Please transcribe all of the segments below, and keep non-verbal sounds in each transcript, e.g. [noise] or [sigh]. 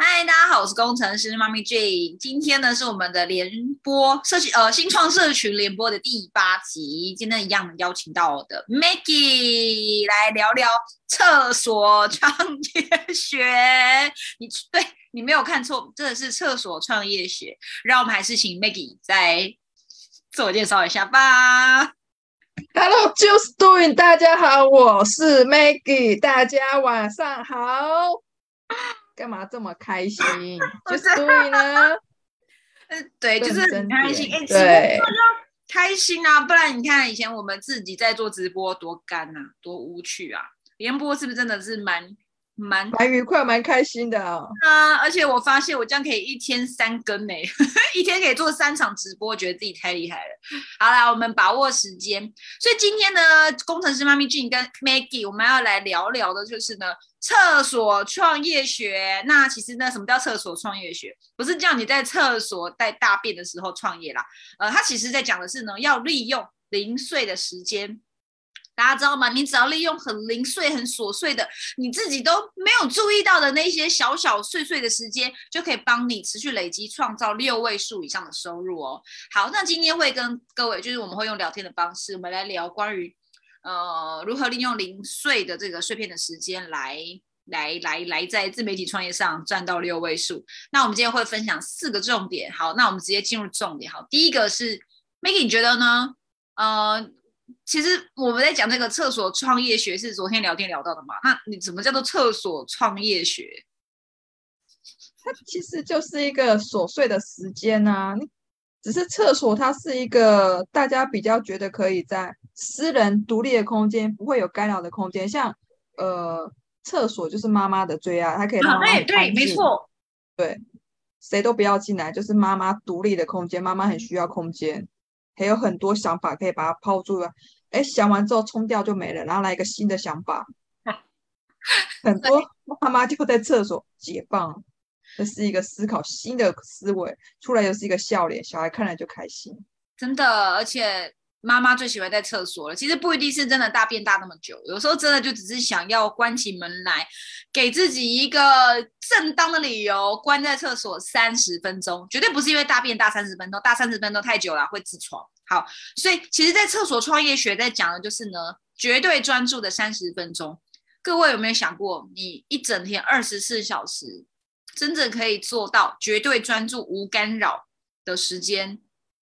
嗨，大家好，我是工程師媽咪 J。今天呢是我們的聯播社群，呃，新創社群聯播的第八集。今天一樣邀請到我的 Maggie 來聊聊廁所創業學。你對，你沒有看錯，真的是廁所創業學。讓我們還是請 Maggie 再自我介紹一下吧。Hello, just doing. 大家好，我是 Maggie。大家晚上好。幹嘛這麼開心？就是對呢，嗯，對，就是很開心，哎，對開心啊！不然你看以前我們自己在做直播多乾吶、啊，多無趣啊！聯播是不是真的是蠻？蠻蠻愉快，蠻開心的啊、哦！啊，而且我發現我這樣可以一天三更每， [laughs] 一天可以做三場直播，覺得自己太厲害了。好了，我們把握時間。所以今天呢，工程師媽咪 June 跟 Maggie，我們要來聊聊的就是呢，廁所創業學。那其實呢，什麼叫廁所創業學？不是叫你在廁所帶大便的時候創業啦。呃，他其實在講的是呢，要利用零碎的時間。大家知道嗎？你只要利用很零碎、很瑣碎的，你自己都沒有注意到的那些小小碎碎的時間，就可以幫你持續累積，創造六位數以上的收入哦。好，那今天會跟各位，就是我們會用聊天的方式，我們來聊關於，呃，如何利用零碎的這個碎片的時間來，來來來來，來來在自媒體創業上賺到六位數。那我們今天會分享四個重點。好，那我們直接進入重點。好，第一個是，Maggie，你覺得呢？呃。其實我們在講那個廁所創業學是昨天聊天聊到的嘛。那你怎麼叫做廁所創業學？它其實就是一個瑣碎的時間吶、啊。只是廁所，它是一個大家比較覺得可以在私人獨立的空間，不會有干擾的空間。像呃，廁所就是媽媽的最愛、啊，它可以媽媽很安靜、啊，欸。對，沒錯。對，誰都不要進來，就是媽媽獨立的空間，媽媽很需要空間。還有很多想法可以把它拋住了。哎，想完之後沖掉就沒了，然後來一個新的想法， [laughs] 很多媽媽就在廁所解放，這是一個思考新的思維，出來又是一個笑臉，小孩看了就開心，真的，而且。媽媽最喜歡在廁所了，其實不一定是真的大便大那麼久，有時候真的就只是想要關起門來，給自己一個正當的理由，關在廁所三十分鐘，絕對不是因為大便大三十分鐘，大三十分鐘太久了會痔瘡。好，所以其實，在廁所創業學在講的就是呢，絕對專注的三十分鐘。各位有沒有想過，你一整天二十四小時，真正可以做到絕對專注無干擾的時間？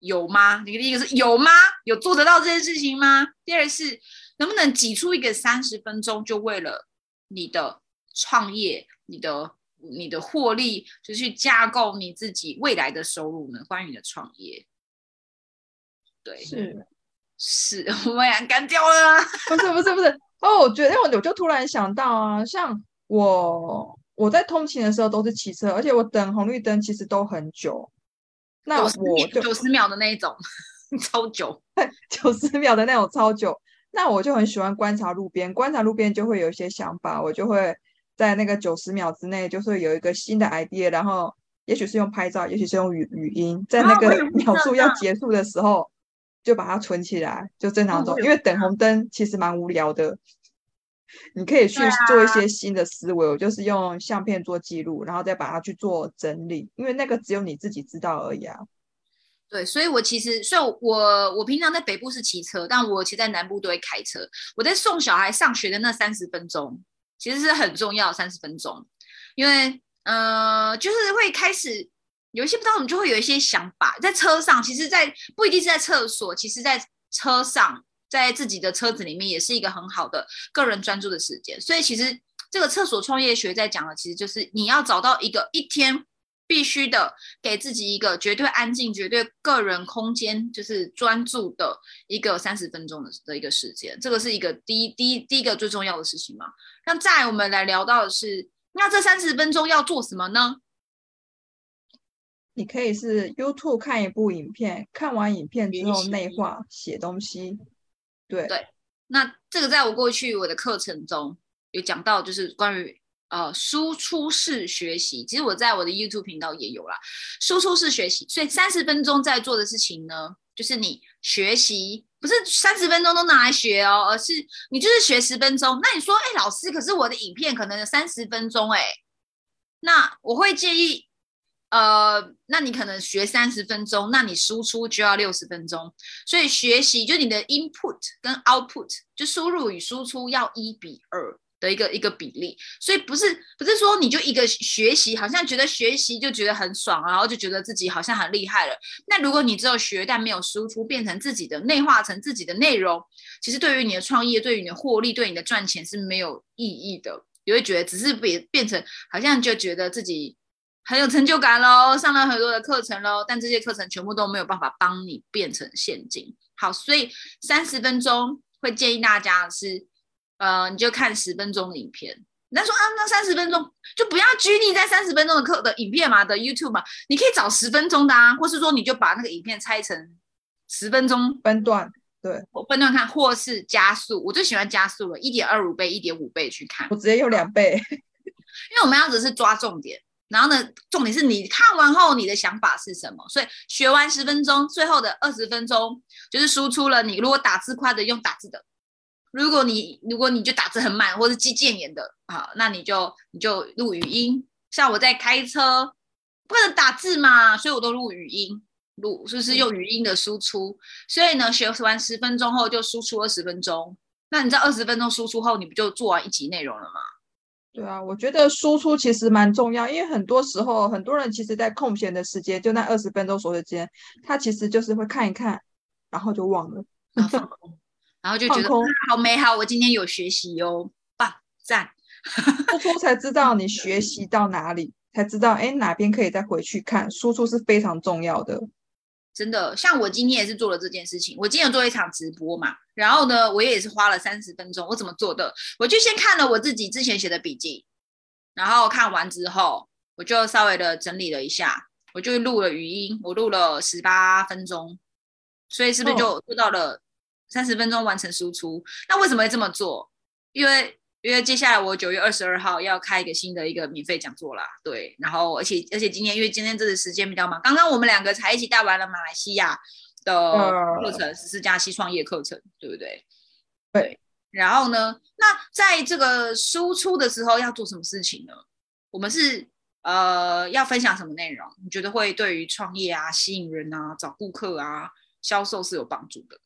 有嗎？你第一個是有嗎？有做得到這件事情嗎？第二個是能不能擠出一個三十分鐘，就為了你的創業、你的、你的獲利，就去架構你自己未來的收入呢？關於你的創業，對，是是我們倆幹掉了，不是不是不是哦，我覺得我我就突然想到啊，像我我在通勤的時候都是騎車，而且我等紅綠燈其實都很久。那我九十秒的那種，超久。九 [laughs] 十秒的那種超久。那我就很喜歡觀察路邊，觀察路邊就會有一些想法，我就會在那個九十秒之內，就是有一個新的 idea，然後也許是用拍照，也許是用語語音，在那個秒數要結束的時候，就把它存起來，就正常走。因為等紅燈其實蠻無聊的。你可以去做一些新的思維、啊，我就是用相片做記錄，然後再把它去做整理，因為那個只有你自己知道而已啊。對，所以我其實，所以我，我我平常在北部是騎車，但我其實在南部都會開車。我在送小孩上學的那三十分鐘，其實是很重要三十分鐘，因為，呃，就是會開始有一些不知道，我們就會有一些想法，在車上，其實在不一定是在廁所，其實在車上。在自己的車子裡面也是一個很好的個人專注的時間，所以其實這個廁所創業學在講的其實就是你要找到一個一天必須的，給自己一個絕對安靜、絕對個人空間，就是專注的一個三十分鐘的的一個時間，這個是一個第一、第一第一個最重要的事情嘛。那再我們來聊到的是，那這三十分鐘要做什麼呢？你可以是 YouTube 看一部影片，看完影片之後內化寫東西。對，對，那這個在我過去我的課程中有講到，就是關於呃輸出式學習。其實我在我的 YouTube 頻道也有啦，輸出式學習。所以三十分鐘在做的事情呢，就是你學習，不是三十分鐘都拿來學哦，而是你就是學十分鐘。那你說，誒、哎、老師，可是我的影片可能有三十分鐘、哎，誒，那我會建議呃，那你可能學三十分鐘，那你輸出就要六十分鐘。所以學習就你的 input 跟 output，就輸入與輸出要一比二的一個一個比例。所以不是不是說你就一個學習，好像覺得學習就覺得很爽，然後就覺得自己好像很厲害了。那如果你只有學但沒有輸出，變成自己的內化成自己的內容，其實對於你的創業、對於你的獲利、對你的賺錢是沒有意義的。你會覺得只是變變成好像就覺得自己。很有成就感咯，上了很多的課程咯，但這些課程全部都沒有辦法幫你變成現金。好，所以三十分鐘會建議大家是，呃，你就看十分鐘的影片。那說啊，那三十分鐘就不要拘泥在三十分鐘的課的影片嘛，的 YouTube 嘛，你可以找十分鐘的啊，或是說你就把那個影片拆成十分鐘分段，對，分段看，或是加速。我最喜歡加速了，一點二五倍、一點五倍去看。我直接用兩倍，因為我們要只是抓重點，然後呢，重點是你看完後你的想法是什麼？所以學完十分鐘，最後的二十分鐘就是輸出了。你如果打字快的，用打字的；如果你如果你就打字很慢，或是記鍵眼的，好，那你就你就錄語音。像我在開車，不能打字嘛，所以我都錄語音，錄就是，是用語音的輸出。嗯。所以呢，學完十分鐘後就輸出二十分鐘。那你這二十分鐘輸出後，你不就做完一集內容了嗎？對啊，我覺得輸出其實蠻重要，因為很多時候很多人其實，在空閒的時間，就那二十分鐘左右時間，他其實就是會看一看，然後就忘了， [laughs] 然後就覺得 [laughs] 好，好美好，我今天有學習哦，棒贊，輸出才知道你學習到哪裡， [laughs] 才知道哎哪邊可以再回去看，輸出是非常重要的。真的，像我今天也是做了這件事情。我今天有做一場直播嘛，然後呢，我也是花了三十分鐘。我怎麼做的？我就先看了我自己之前寫的筆記，然後看完之後，我就稍微的整理了一下，我就錄了語音，我錄了十八分鐘，所以是不是就做到了三十分鐘完成輸出？Oh. 那為什麼會這麼做？因為。因為接下來我九月二十二號要開一個新的一個免費講座啦，對，然後而且而且今天因為今天這個時間比較忙，剛剛我們兩個才一起帶完了馬來西亞的課程，十四、uh, 加七創業課程，對不對，對？對，然後呢，那在這個輸出的時候要做什麼事情呢？我們是呃要分享什麼內容？你覺得會對於創業啊、吸引人啊、找顧客啊、銷售是有幫助的？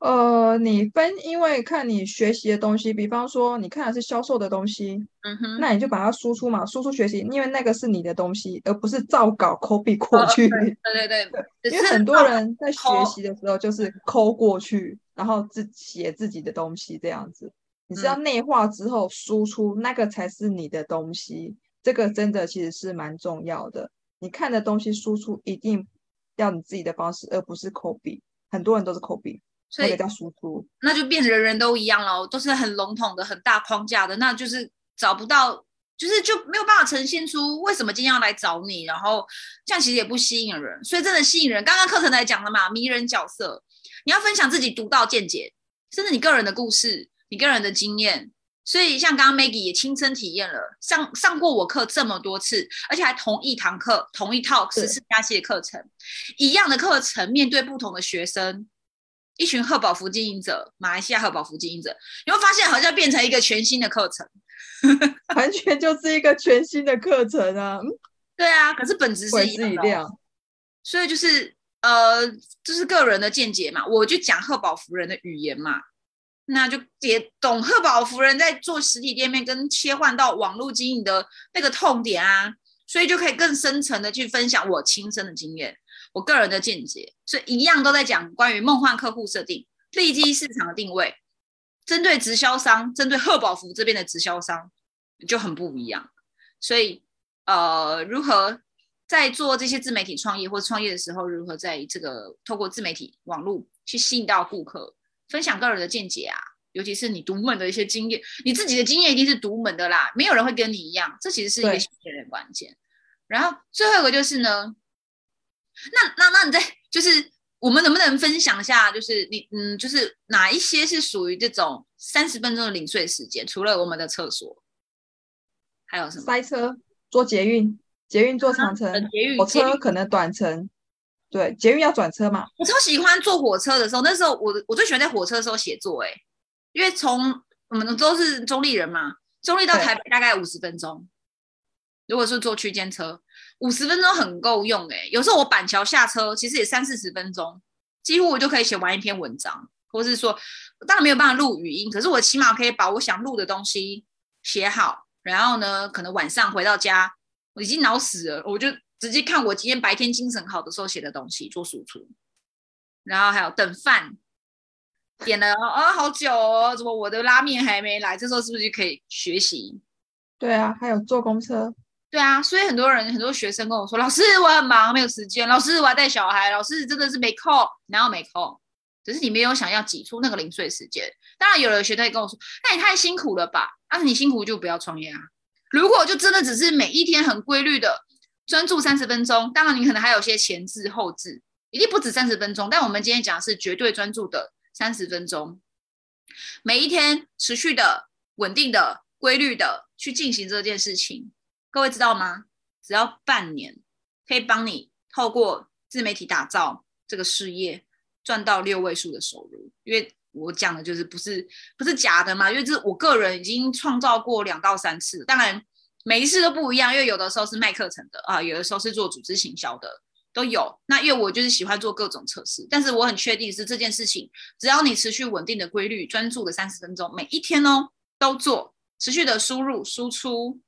呃，你分因為看你學習的東西，比方說你看的是銷售的東西，嗯哼，那你就把它輸出嘛，輸出學習，因為那個是你的東西，而不是照稿 copy 過去。對、哦、對、哦、對，對對 [laughs] 因為很多人在學習的時候就是 copy 過去，哦、然後自己寫自己的東西這樣子。你是要內化之後輸出、嗯，那個才是你的東西。這個真的其實是蠻重要的。你看的東西輸出一定要你自己的方式，而不是 copy。很多人都是 copy。所以叫輸出，那就變人人都一樣嘍，都是很籠統的、很大框架的，那就是找不到，就是就沒有辦法呈現出為什麼今天要來找你。然後這樣其實也不吸引人，所以真的吸引人。剛剛課程來講了嘛，迷人角色，你要分享自己獨到的見解，甚至你個人的故事、你個人的經驗。所以像剛剛 Maggie 也親身體驗了，上上過我課這麼多次，而且還同一堂課、同一套十四加七的課程，一樣的課程面對不同的學生。一群賀寶福經營者，馬來西亞賀寶福經營者，你會發現好像變成一個全新的課程， [laughs] 完全就是一個全新的課程啊！對啊，可是本質是一樣的，所以就是呃，這，就是個人的見解嘛，我就講賀寶福人的語言嘛，那就也懂賀寶福人在做實體店面跟切換到網絡經營的那個痛點啊，所以就可以更深層的去分享我親身的經驗。我個人的見解，所以一樣都在講關於夢幻客戶設定、利基市場的定位，針對直銷商，針對賀寶芙這邊的直銷商就很不一樣。所以，呃，如何在做這些自媒體創業或創業的時候，如何在這個透過自媒體網絡去吸引到顧客，分享個人的見解啊，尤其是你獨門的一些經驗，你自己的經驗一定是獨門的啦，沒有人會跟你一樣。這其實是一個非常的關鍵。然後最後一個就是呢。那那那你再，就是我們能不能分享一下，就是你嗯，就是哪一些是屬於這種三十分鐘的零碎時間？除了我們的廁所，還有什麼？塞車、坐捷運、捷運坐長程，啊、捷運火車可能短程。對，捷運要轉車嘛？我超喜歡坐火車的時候，那時候我我最喜歡在火車的時候寫作，誒，因為從我們都是中壢人嘛，中壢到台北大概五十分鐘，如果是坐區間車。五十分鐘很夠用誒、欸。有時候我板橋下車，其實也三四十分鐘，幾乎我就可以寫完一篇文章，或是說我當然沒有辦法錄語音，可是我起碼可以把我想錄的東西寫好，然後呢，可能晚上回到家，我已經腦死了，我就直接看我今天白天精神好的時候寫的東西做輸出，然後還有等飯點了啊、哦，好久哦，怎麼我的拉麵還沒來？這時候是不是就可以學習？對啊，還有坐公車。對啊，所以很多人很多學生跟我說：“老師，我很忙，沒有時間。老師，我要帶小孩。老師，真的是沒空，哪有沒空？只是你沒有想要擠出那個零碎時間。當然，有的學生也跟我說：‘那也太辛苦了吧？’那、啊、你辛苦就不要創業啊。如果就真的只是每一天很規律的專注三十分鐘，當然你可能還有些前置後置，一定不止三十分鐘。但我們今天講的是絕對專注的三十分鐘，每一天持續的、穩定的、規律的去進行這件事情。”各位知道嗎？只要半年，可以幫你透過自媒體打造這個事業，賺到六位數的收入。因為我講的就是不是不是假的嘛，因為這是我個人已經創造過兩到三次，當然每一次都不一樣。因為有的時候是賣課程的啊，有的時候是做組織行銷的都有。那因為我就是喜歡做各種測試，但是我很確定是這件事情，只要你持續穩定的規律，專注的三十分鐘，每一天哦都做，持續的輸入輸出。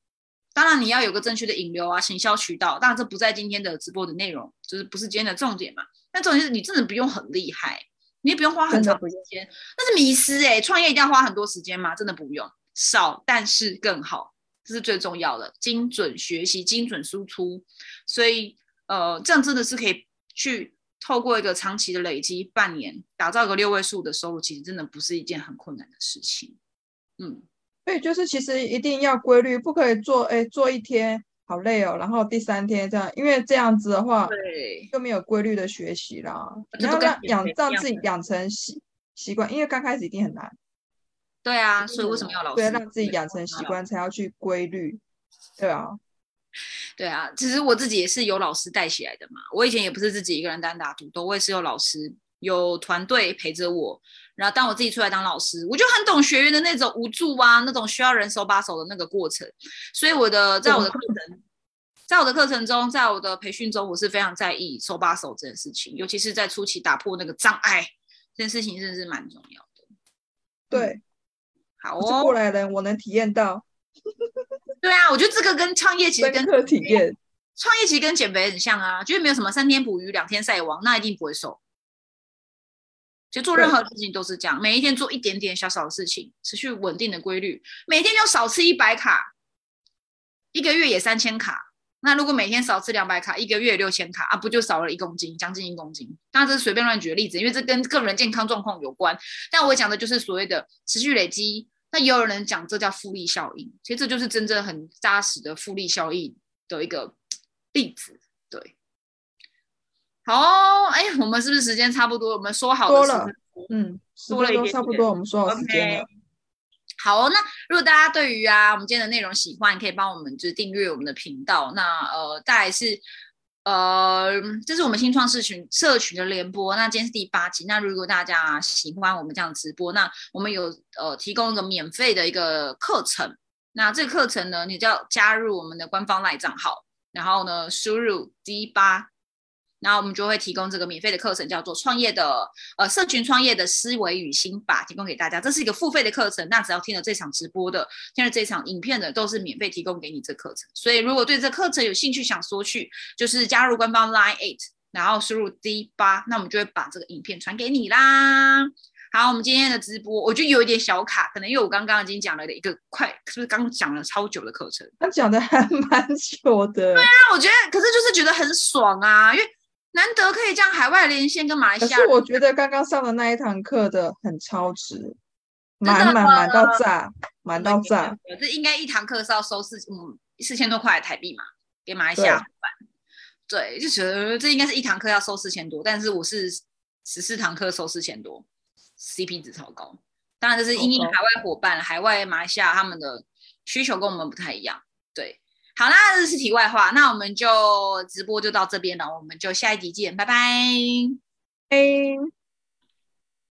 當然你要有個正確的引流啊，行銷渠道。當然這不在今天的直播的內容，就是不是今天的重點嘛。但重點是你真的不用很厲害，你也不用花很長的時間。那是迷思哎，創業一定要花很多時間嗎？真的不用，少但是更好，這是最重要的。精準學習，精準輸出。所以呃，這樣真的是可以去透過一個長期的累積，半年打造一個六位數的收入，其實真的不是一件很困難的事情。嗯。對，就是其實一定要規律，不可以做哎做一天好累哦，然後第三天這樣，因為這樣子的話，對，就沒有規律的學習啦。你要讓養讓自己養成習習慣，因為剛開始一定很難。對啊，所以為什麼要老師？對啊，對啊，對啊，對，讓自己養成習慣才要去規律。對啊，對啊，其實我自己也是有老師帶起來的嘛。我以前也不是自己一個人單打獨鬥，我也是有老師，有團隊陪着我，然後當我自己出來當老師，我就很懂學員的那種無助啊，那種需要人手把手的那個過程。所以我的，在我的課程，在我的課程中，在我的培訓中，我是非常在意手把手這件事情，尤其是在初期打破那個障礙，這件事情真的是蠻重要的。對，嗯、好哦，我是過來人，我能體驗到。 [laughs] 對啊，我覺得這個跟創業其實跟體驗，創業其實跟減肥很像啊，就是沒有什麼三天捕魚兩天曬網，那一定不會瘦。其實做任何事情都是這樣，每一天做一點點小小的事情，持續穩定的規律，每天就少吃一百卡，一個月也三千卡。那如果每天少吃兩百卡，一個月六千卡啊，不就少了一公斤，將近一公斤？那這是隨便亂舉的例子，因為這跟個人健康狀況有關。但我講的就是所謂的持續累積。那也有人講這叫複利效應，其實這就是真正很扎實的複利效應的一個例子，對。好、oh，哎，我們是不是時間差不多？我們說好的時間了，嗯，說了都差不多，我們說好時間了。Okay. 好、哦，那如果大家對於啊，我們今天的內容喜歡，可以幫我們就是訂閱我們的頻道。那呃，大概是呃，這是我們新創社群社群的聯播。那今天是第八集。那如果大家喜歡我們這樣直播，那我們有呃提供一個免費的一個課程。那這個課程呢，你就要加入我們的官方 LINE 賬號，然後呢，輸入 D8。那我們就會提供這個免費的課程，叫做創業的呃社群創業的思維與心法，提供給大家。這是一個付費的課程，那只要聽了這場直播的，聽了這場影片的，都是免費提供給你這課程。所以如果對這課程有興趣，想說去，就是加入官方 Line e 然後輸入 D 八，那我們就會把這個影片傳給你啦。好，我們今天的直播，我就有一點小卡，可能因為我剛剛已經講了一個快，是不是剛講了超久的課程？他講的還蠻久的。對啊，我覺得，可是就是覺得很爽啊，因為。難得可以這樣海外連線跟馬來西亞，可是我覺得剛剛上的那一堂課的很超值，真的滿滿滿到炸，滿到炸。到炸，這應該一堂課是要收四嗯四千多塊台幣嘛，給馬來西亞對，對，就覺得這應該是一堂課要收四千多，但是我是十四堂課收四千多，CP 值超高。當然這是因為海外夥伴，Okay. 海外馬來西亞他們的需求跟我們不太一樣。好啦，那這是題外話，那我們就直播就到這邊了，我們就下一集見，拜拜，拜，okay。